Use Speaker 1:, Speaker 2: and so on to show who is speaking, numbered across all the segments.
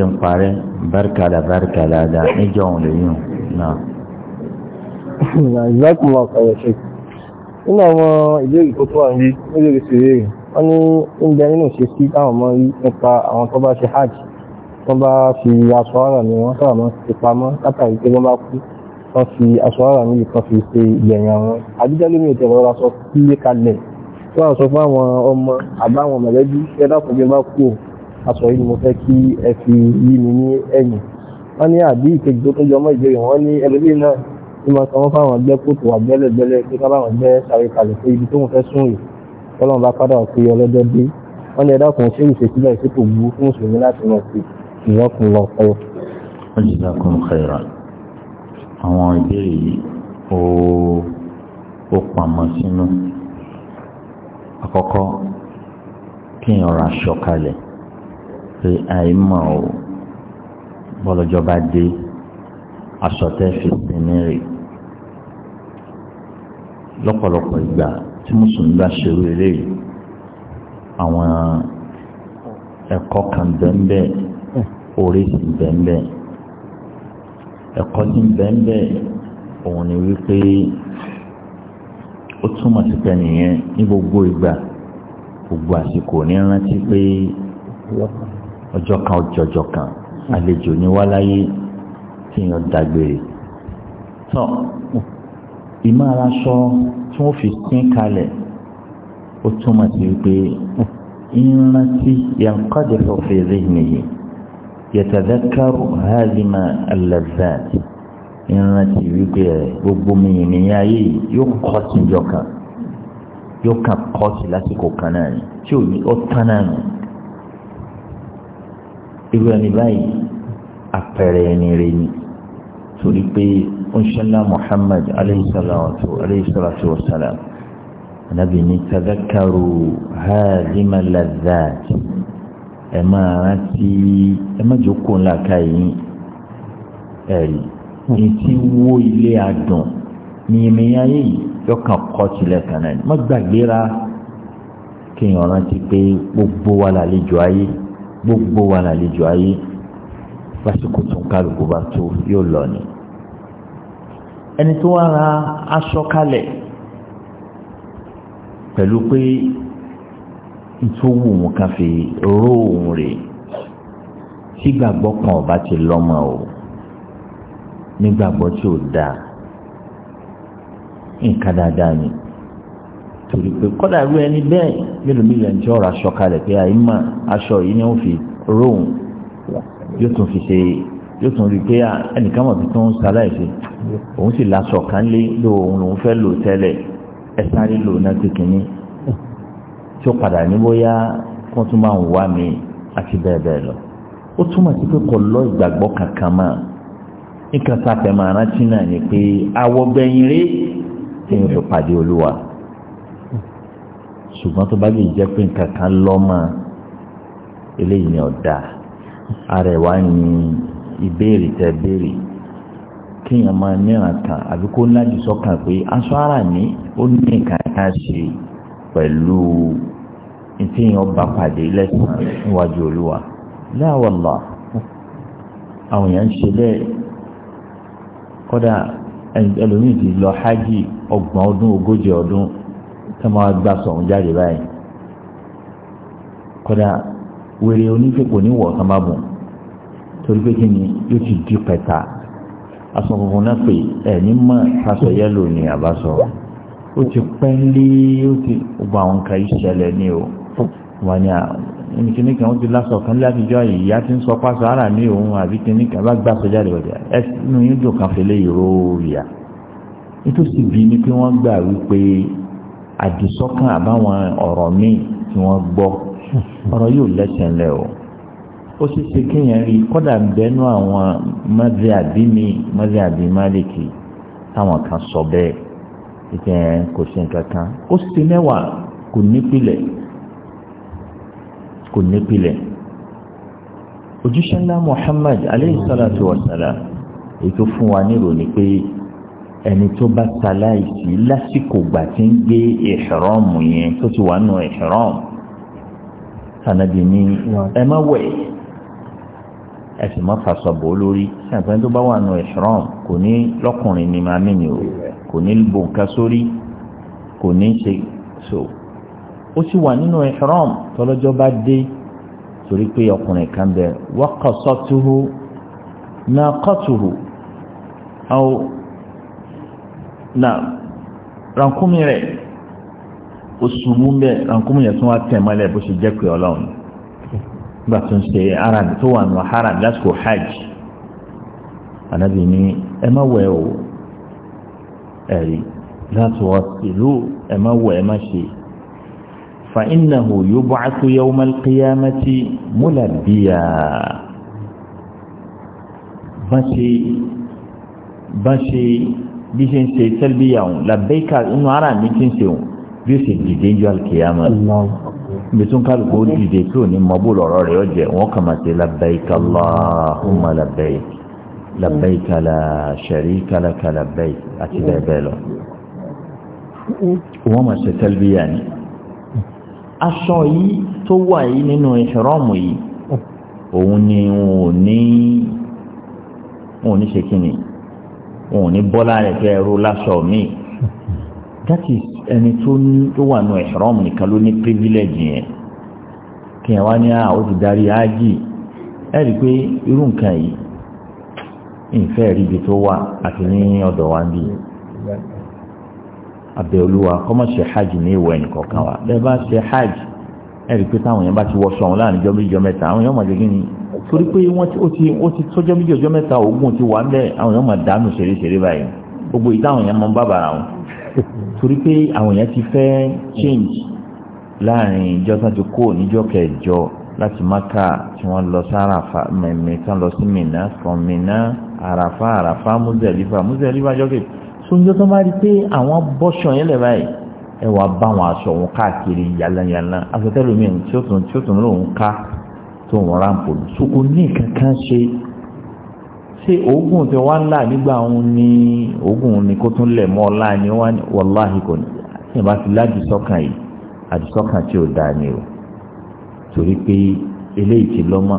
Speaker 1: ti ń parẹ́ báríkàlà báríkàlà dáa níjọ́ òun lè yùn náà. ìzákùnmọ̀ ọ̀rọ̀ ṣe nínú àwọn ìbéèrè tó tó wà ní ìbéèrè sí ìbéèrè wọ́n ní oúnjẹ nínú ṣe sí káwọn ọmọ rí nípa àwọn tó bá ṣe hajj tó bá fi aṣọ ara mi wọ́n sábà máa ti pamọ́ látàrí pé wọ́n bá kú wọ́n fi aṣọ ara mi kan fi ṣe ìgbẹ̀yìn àwọn àbíjálé mi ò tẹ̀wọ́ ra sọ sílé kalẹ̀ tó wà sọ fún àwọn ọmọ àbáwọn mọ̀lẹ́bí ṣẹ́dá kò bí wọ́n bá kú aṣọ yìí ni mo fẹ́ kí ẹ fi yí mi ní ẹ̀yìn wọ́n ní àbí ìkejì tó tọ́jú ọmọ ìbéèrè wọ́n ní ẹlòmíì náà tí máa sanwó fáwọn ẹgbẹ́ kòtò wà gbẹ́lẹ̀gbẹ́lẹ̀ pé ká báwọn ẹgbẹ́ sáré kalẹ̀ pé ibi tó ń fẹ́ sùn rè ọlọ́run bá padà pé ọlọ́jọ́ dé wọ́n ní ẹ̀dá kan ṣé ìṣèsílẹ̀ sí kò burú fún mùsùlùmí láti mọ̀ sí ìyọ́kùn lọ ọ̀rọ̀. wọ́n ti dá kún kẹ́ra àwọn ìbéèrè yìí ó pamọ́ sínú àkọ́kọ́ kí èèyàn ra aṣọ kalẹ̀ pé àìmọ̀ ò bọ́lọ́jọba dé asọ̀tẹ́ fi sinmi rè lọ́pọ̀lọpọ̀ ìgbà tí mùsùlùmí bá ṣerú eléyìí àwọn ẹ̀kọ́ kan bẹ́ẹ̀ orí sì bẹ́ẹ̀ ẹ̀kọ́ sì bẹ́ẹ̀ òun ni wípé ó túmọ̀ sí pé nìyẹn ní gbogbo ìgbà gbogbo àsìkò ní rántí pé ọjọ́ kan ọjọ́jọ́ kan àlejò ní wá láyé tí yàn dágbére tán ìmọ̀ ara sọ tí wọ́n fi sín kalẹ̀ ó túmọ̀ sí pé ìrántí yanqadifu fi dhihnihi yatadhakkaru hadima al-ladhat ìrántí wípé gbogbo mi ìnìyàn ayé yóò kọ́ síjọ kan yóò kàn kọ́ sí lásìkò kan náà tí ó tán náà nù irú ẹni báyìí àpẹẹrẹ ẹni rẹ ni torí pé oṣooṣàlá Muhammad aleyhisalatu wasalam anabi ni tadakaru haazima ladhat ẹ máa rántí ẹ má jókòó ńlá káyìí ẹ̀rí ní ti wó ilé adùn ní ìmìyàn yìí yọkàn kọ́ tilẹ̀ kan náà má gbàgbéra kéèyàn rántí pé gbogbo wa làlejò ayé gbogbo wa lálejò ayé lásìkò tó ń kálukú bá tó yóò lọ ni ẹni tó wá ra aṣọ kalẹ̀ pẹ̀lú pé ìtòwò òun kan fi ró òun rè sígbàgbọ́ kan ọba ti lọ́mọ o nígbàgbọ́ tí ò dáa nǹkan dáadáa ni torí pé kọ́dà irú ẹni bẹ́ẹ̀ mélòó mi lẹ́nu tí ó ra aṣọ kalẹ̀ pé àyínmá aṣọ yìí ni ó fi róhùn yóò tún fi ṣe yóò tún rí i pé ẹnìkan mọ̀ tuntun ń ṣaláìsí òun sì láṣọ kan lé ló òun lòún fẹ́ lò tẹ́lẹ̀ ẹ sáré lò náà ti kìíní tí ó padà ní bóyá wọ́n tún máa ń wá mi àti bẹ́ẹ̀ bẹ́ẹ̀ lọ ó túmọ̀ sí pé kò lọ ìgbàgbọ́ kankan mọ́ nǹkan sáfẹ́ máa rántí náà ni pé àwọ̀ bẹ̀yìn rí èèyàn fi pàdé olúwa. ṣùgbọ́n tó bá lè jẹ́ pé nǹkan kan lọ́mọ eléyìí ni ọ̀dà ara ẹ̀ ni ìbéèrè tẹ́ béèrè kéèyàn máa níran kan àbí kó lájú sọ́kàn pé aṣọ ara ni ó ní nǹkan kan ṣe pẹ̀lú ìtìyàn ọba pàdé lẹ́sàn-án níwájú olúwa láwọ̀lá àwọn èèyàn ń ṣe bẹ́ẹ̀ kódà ẹlòmíì ti lọ hajj ọgbọ̀n ọdún ogójì ọdún tí wọ́n gbà sọ̀hún jáde báyìí kódà wèrè onífẹ̀kọ̀ níwọ̀ kan torí pé kí ni yóò ti di pẹ̀ta aṣọ funfun náà pé ẹ̀ní mọ̀ aṣọ yẹ́lò ni àbá sọ ó ti pẹ́ lé ó ti gbogbo àwọn nǹkan ìṣẹ̀lẹ̀ ni o wọ́n ní ẹni kìíní kan ó ti lásọ kan látijọ́ ìyá tí ń sọ pásọ ara ní òun àbí kìíní kan bá gbà sọjá rẹ̀ ọ̀dà ẹnu yín dùn kan fẹ́lẹ́ ìró ìyá nítòsí bí ni pé wọ́n gbà wípé àdùsọ́kàn àbáwọn ọ̀rọ̀ míì tí wọ́n gbọ́ ọ̀rọ̀ yóò lẹ́sẹ̀ ńlẹ̀ o ó sì ṣe kéèyàn rí kọ́dà bẹ́nu àwọn mọ́dé àbí mi mọ́dé àbí máàlìkì táwọn kan sọ bẹ́ẹ̀ ìtẹ̀ kò sí nǹkan kan ó sì mẹ́wàá kò nípìlẹ̀ kò nípìlẹ̀ ojúṣe ńlá Muhammad aleyhi salatu wa salam ètò fún wa nírò ni pé ẹni tó bá ṣaláìsí lásìkò gbà tí ń gbé ìṣòrọ́mù yẹn tó ti wà nù ìṣòrọ́mù sànàbì ni ẹ má wẹ̀ ẹ sì má fasọ̀bọ̀ olórí ṣàǹfẹ́ tó bá wà nù ìṣòrọ́mù kò ní lọ́kùnrin ni màá mí ni o kò ní bò nǹkan sórí kò ní ṣe so ó sì wà nínú ìṣòrọ́mù tọ́lọ́jọ́ bá dé torí pé ọkùnrin kan bẹ wọ́kọ̀ sọ́túhù náà kọ́tùhù náà rankumi rẹ̀ ó ṣubú ń bẹ́ rankumi yẹn tún wá tẹ̀ mọ́lẹ̀ bó ṣe jẹ́ pé ọlọ́run nígbà tó ń ṣe haram tó wà nù haram lásìkò hajj ànábì ní ẹ má wẹ̀ o ẹ̀rí láti wọ́n ìlú ẹ má wẹ̀ ẹ má ṣe fa innahu yub'athu yawmal qiyamati mulabbiya bá ṣe bá ṣe bí ṣe ń ṣe tẹ́lbíyà òun làbẹ́ẹ̀kà inú ara mi ti ń ṣe òun bí ó ṣe dìde ń jọ àlùkìyàmọ́ bitun kálukú ó dìde tí ò ní mọ bó lọ́rọ̀ rẹ̀ ó jẹ́ wọ́n kà máa ṣe labbaika Allahumma labbaik labbaika la sharika laka labbaik àti bẹ́ẹ̀ bẹ́ẹ̀ lọ. wọ́n máa ṣe tẹ́lbíyà ni aṣọ yìí tó wà yìí nínú ìṣòrọ́mù yìí òun ni òun ní òun ní ṣe kí ni wọn ò ní bọ́lá rẹ̀ kẹ́ ẹ̀rọ láṣọ mi that is ẹni tó ní tó wà nù ihram nìkan ló ní privilege yẹn kí ẹ wá ní à ah, ó ti darí ájì ẹ rí i pé irú nǹkan yìí ìfẹ́ ríbi tó wà àti ní ọ̀dọ̀ wa bí abẹ́olúwa kọ́mọ̀ ṣe hajj ní ìwọ ẹnìkọ̀ọ̀kan wa bẹ́ẹ̀ bá ṣe hajj ẹ rí pé táwọn yẹn bá ti wọ sọ̀hún láàrin jọ́ mẹ́ta àwọn yẹn mọ̀ torí pé wọ́n ti ó ti ó ti tọ́jọ́ méjì ọjọ́ mẹ́ta ogun ti wà ń bẹ́ẹ̀ àwọn èèyàn máa dànù ṣeréṣeré báyìí gbogbo ìta àwọn máa ń bàbà àwọn torí pé àwọn èèyàn ti fẹ́ change láàrin ìjọ tán ti kó níjọ́ kẹjọ láti maka tí wọ́n lọ sára mẹ̀mẹ́ tán lọ sí mìíná from mìíná àràfá àràfá múzẹ̀lífà múzẹ̀lífà jọ́kẹ́ sóńjọ́ tó bá rí pé àwọn bọ́ṣọ̀ yẹn lẹ̀ báyìí ẹ wàá bá àwọn aṣọ wọn káàkiri yàlàyàlà aṣọ tẹ́lómi tí ó tún lòun ká tó ń ráǹpù sókò ní kankan ṣe ṣé oògùn tí wọ́n là nígbà òun ní oògùn ni kó tún lẹ̀ mọ́ ọlá ni wọ́n wọláhì kò ní ìbá ti ládìsọ́kàn yìí àdìsọ́kàn tí ò dáa ni o torí pé eléyìí ti lọ́mọ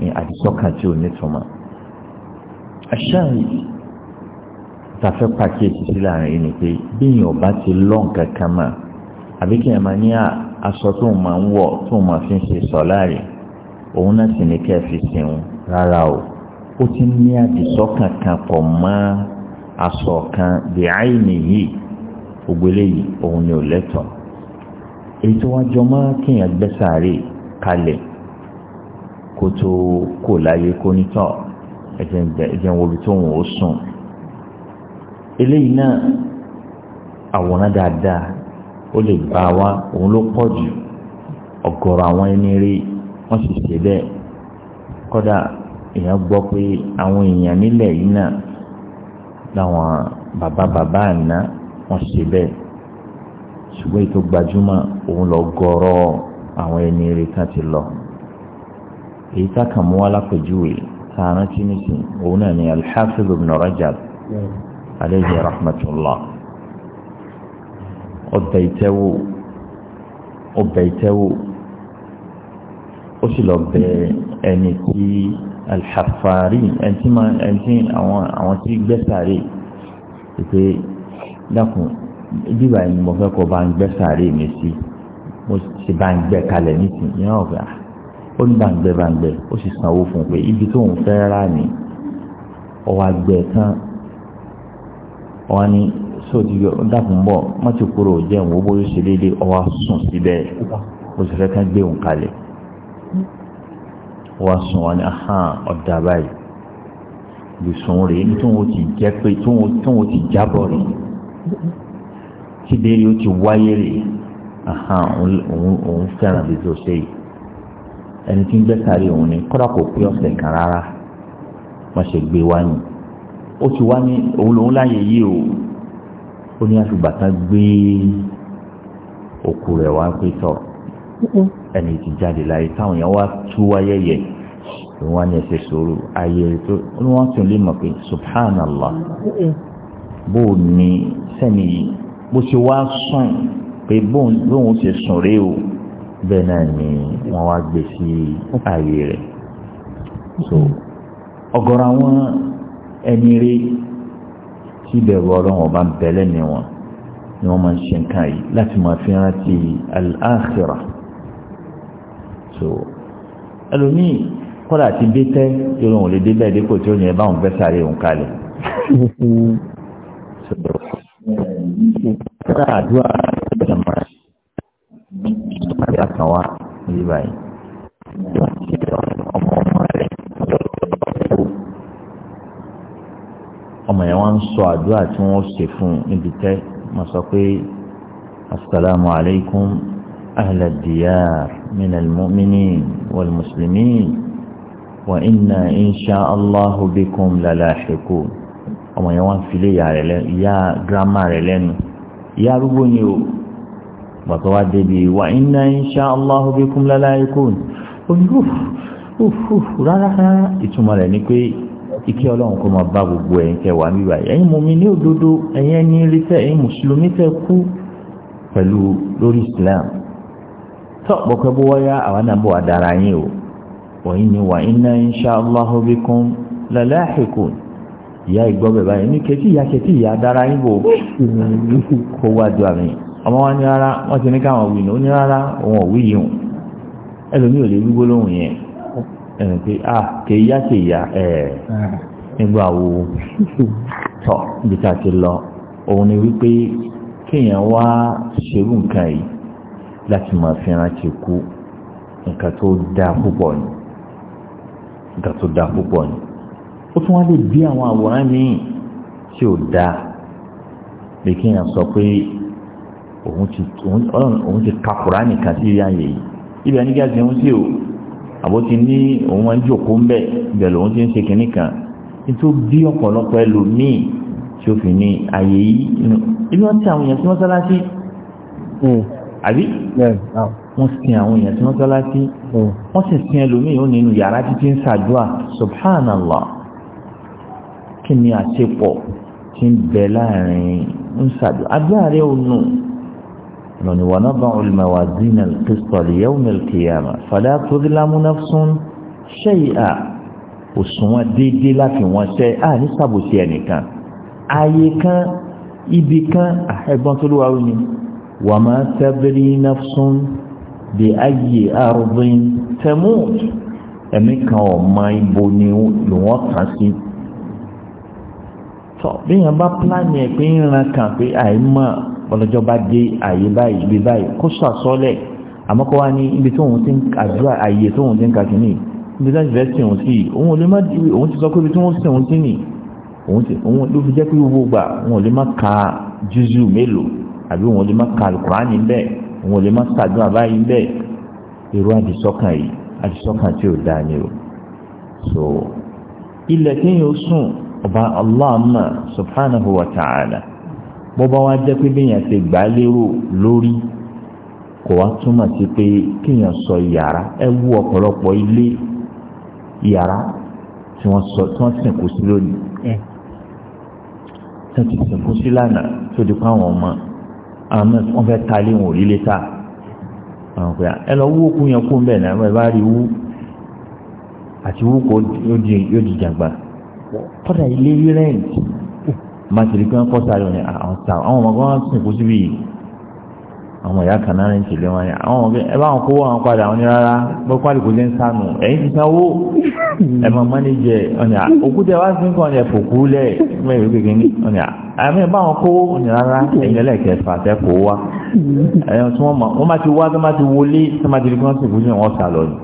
Speaker 1: ní àdìsọ́kàn tí ò nítumọ̀ aṣáàyè tàfẹ́ pàkíyèsí sí láàrin yìí ni pé bíyìn ọba ti lọ́n kankan mọ́ àbí ẹ̀ máa ní aṣọ tó máa ń wọ̀ tó máa fi ń ṣe sọ láàrin òun náà sì ní kẹ́ fi rárá o ó ti ní àdìsọ́kàn kan pọ̀ mọ́ aṣọ kan bí àìní yìí gbogbo eléyìí òun ni ò lẹ́tọ̀ èyí tó wá jọ mọ́ kéèyàn gbẹ́sàárè kalẹ̀ kó tó kò láyé kó nítọ̀ ẹ̀jẹ̀ ń tó ń wò sùn eléyìí náà àwòrán dáadáa ó lè bá wa òun ló pọ̀ jù ọ̀gọ̀rọ̀ àwọn ẹni rí i wọ́n sì ṣe bẹ́ẹ̀ kódà èèyàn gbọ́ pé àwọn èèyàn nílẹ̀ yìí náà làwọn bàbá bàbá àná wọ́n ṣe bẹ́ẹ̀ ṣùgbọ́n ètò gbajúmọ̀ òun lọ gọ́rọ́ àwọn ẹni rẹ̀ kan ti lọ èyí tá kàn mú wá lápèjúwe tá a rántí nìsín òun náà ni al ibn Rajab alayhi rahmatullah ọbẹ̀ ìtẹ́wò ọbẹ̀ ìtẹ́wò ó sì lọ bẹ ẹni tí alhafari ẹni tí àwọn tí gbẹ́sàárè pé dákun bíbá ẹni mo fẹ́ kọ́ bá ń gbẹ́sàárè mi sí mo sì bá ń gbẹ́ kalẹ̀ nísìnyí náà gbà ó ní bá ń gbẹ́ bá ń gbẹ́ ó sì sanwó fún un pé ibi tó ń fẹ́ rà ní ọwọ́ àgbẹ̀ tán wọ́n ní sóòtú yọ dákun bọ̀ mọ́tò kúrò jẹun owó bóyá ó ṣe déédéé ọwọ́ sùn síbẹ̀ ó sì fẹ́ kán gbé òun kalẹ̀ wọ́n sùn wọn ni ahán ọ̀dà báyìí lùsùn rèé tí wọ́n ti jẹ́ pé tí wọ́n ti jábọ̀ rèé tí béèrè ó ti wáyé rèé ahán òun fẹ́ràn bí tó ṣe yìí ẹni tí ń gbé sáré òun ni kọ́dà kò pé ọ̀sẹ̀ kan rárá wọ́n ṣe gbé wá ní ó ti wá ní òun lòun láàyè yìí o ó ní àfìgbà gbé òkú rẹ̀ wá pé tọ̀ ẹni tí jáde láyé táwọn èèyàn wá tú wáyẹyẹ tí wọ́n ní ẹsẹ̀ sòrò ayé tó wọ́n tún lè mọ̀ pé subhanallah bó o ní sẹ́ni yìí bó ṣe wá sùn pé bóun ṣe sùn rèé o bẹ́ẹ̀ náà ni wọ́n wá gbé sí ààyè rẹ̀ so ọ̀gọ̀rọ̀ àwọn ẹni rí tí ìbẹ̀rù ọlọ́run ọba ń bẹ̀lẹ̀ ní ni wọ́n máa ń ṣe nǹkan yìí láti máa fi rántí al so ẹlòmíì kọ́lá ti dé tẹ́ yorùbá òun lè dé bẹ́ẹ̀ dépò tí ó yẹn báwọn fẹ́ sáré òun kalẹ̀ so kọ́lá àdúrà ìjọba ìjọba kan wá ní báyìí ọmọ ọmọ rẹ̀ ọmọ yẹn wọ́n ń sọ àdúrà tí wọ́n ṣe fún níbi tẹ́ wọ́n sọ pé asalaamualeykum. أهل الديار من المؤمنين والمسلمين وإنا إن شاء الله بكم للاحقون ọmọ yẹn wọn file ìyá rẹ lẹ́nu ìyá girama rẹ lẹ́nu ìyá arúgbó ni o gbàtọ wa débi wa inna insha Allahu bikum lalaikun oníhù hùhù rárá rárá ìtumọ̀ rẹ̀ ni pé ike Ọlọ́run kò máa bá gbogbo ẹ̀yin tẹ́ wà níbà ẹ̀yin mọmi ní òdodo ẹ̀yin ẹni rí tẹ́ ẹ̀yin mùsùlùmí tẹ́ kú pẹ̀lú lórí Islam tọ́ bọ́pẹ́ bọ́wọ́yá àwọn náà bọ̀ àdára yín o wọ̀nyí ni wà iná insha Allahu bikum lalahiqun ìyá ìgbọ́ bẹ̀ báyìí ní kẹtí ìyá kẹtí ìyá dára yín bò kó wá ju àmì ọmọ wa ní rárá wọ́n ti ní káwọn wí ní ó ní rárá òun ò wí yìí hùn ẹlòmíì ò lè wí gbólóhùn yẹn ẹ̀rìn pé à kè ìyá kè ìyá ẹ̀ nígbà wo tọ́ ibi tá ti lọ òun ni wípé kéèyàn wá ṣerú nǹkan yìí láti máa fi rántí kú nǹkan tó dáa púpọ̀ ni nǹkan tó dáa púpọ̀ ni ó tún wá lè bí àwọn àwòrán míì tí ò dáa bí kí n sọ pé òun ti òun ti ka Kùránì kan sí ayé yìí ibi àníkí àti òun sí o àbó ti ní òun máa ń jòkó ń bẹ̀ ibẹ̀ lòun ti ń ṣe kínní kan nítorí bí ọ̀pọ̀lọpọ̀ ẹlòmíì tí ó fi ní ayé yìí inú ọtí àwọn èèyàn sí àbí wọ́n sin àwọn èèyàn tí wọ́n tọ́lá sí wọ́n sì sin ẹlòmíì ó nínú yàrá títí ń ṣàdúrà subhanallah kí ni àṣepọ̀ tí ń bẹ láàrin ń ṣàdúrà àdúrà rẹ̀ ò nù lọ́ni wà náà bá al-mawazin al-qist li-yawm al-qiyamah fala tuzlamu nafsun shay'a òṣùwọ̀n déédéé láti wọ́n ṣẹ́ à ní sàbòsí ẹnìkan ààyè kan ibì kan ẹ̀gbọ́n tó lówà ó ní وما تدري نفس بأي أرض تموت ẹ̀mí وما ọ̀ma ibo ni wọ́n kàn sí tọ́ bí yẹn bá pílánì ẹ̀ pé ń ran kàn pé àìmọ̀ ọlọ́jọ́ bá dé àyè báyìí ibi báyìí kó sọ àsọlẹ̀ àmọ́ kó wá ní ibi tí òun ti ń àdúrà àyè tí òun ti ń kà kínní ibi tí wọ́n ti fẹ́ sìn òun sí òun ò lè má òun ti sọ pé ibi tí wọ́n sìn òun sí nì òun ló fi jẹ́ pé gbogbo gbà òun ò lè má ka jújù mélòó àbí wọn lè má ka alukurani bẹ́ẹ̀ wọn lè má sàdún àbáyé bẹ́ẹ̀ irú àdìsọ́kàn yìí àdìsọ́kàn tí ò dáa ni o so ilẹ̀ tí yóò sùn ọba allahumma subhanahu wa ta'ala bó bá wá jẹ́ pé bẹ́yàn ti gbà á lérò lórí kò wá túmọ̀ sí pé kéèyàn sọ yàrá ẹ wú ọ̀pọ̀lọpọ̀ ilé yàrá tí wọ́n sọ tí wọ́n sìnkú sí lónìí tí wọ́n ti sìnkú sí lánàá tó di pa àwọn ọmọ àmọ́ wọ́n fẹ́ ta ilé wọn ò rí lé ta àwọn pé ẹ lọ wú òkú yẹn kú ń bẹ̀ náà ẹ bá rí wú àti wú kó yóò di jàgbá kọ́dà ilé rí rẹ́ǹtì má ti rí pé wọ́n kọ́ sáré wọn ni ah, àwọn ta àwọn ọmọ kan sìn kó síbi yìí àwọn ìyá kan náà ń tẹ̀lé wọn ni bá wọn kó wọn padà wọn ni rárá gbọ́kọ́ àdìgbò lé ń sànù ẹ̀yìn ti sanwó ẹ máa mánéjì ẹ ọ̀nà òkúta wá sí nǹkan ọ̀nà ẹ̀fọ̀kú lẹ̀ mẹ́rin kékeré ní ọ̀nà àmì báwọn kó ọ̀nà rárá ẹ̀yìn ẹlẹ́kẹ̀ẹ́fà tẹ́ kó wá ẹ̀yìn tí wọ́n máa ti wá tó máa ti wọlé tó máa ti rí kọ́ńtì fún wọn sà lọ ni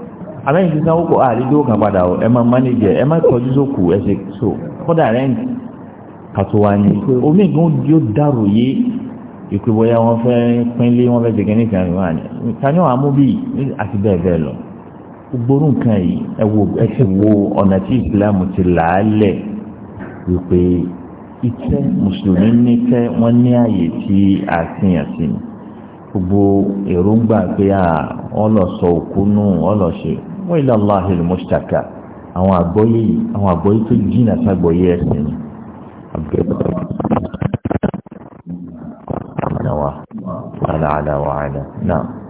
Speaker 1: àmì ti sanwó kó àdídó kan padà ẹ máa mánéjì ẹ máa tọ́jú sókù ẹ ṣe so gbogbo nǹkan yìí ẹ wo ẹ sì wo ọ̀nà tí islam ti là á lẹ̀ wípé ìtẹ́ mùsùlùmí ní tẹ́ wọ́n ní àyè tí a sìyàn sí ni gbogbo èròǹgbà pé à wọ́n lọ sọ òkú nù wọ́n lọ ṣe wa ila Allahil mustaka àwọn àgbọ́yé yìí àwọn àgbọ́yé tó jìnnà sàgbọ́yé ẹ̀sìn ni. على على وعلى نعم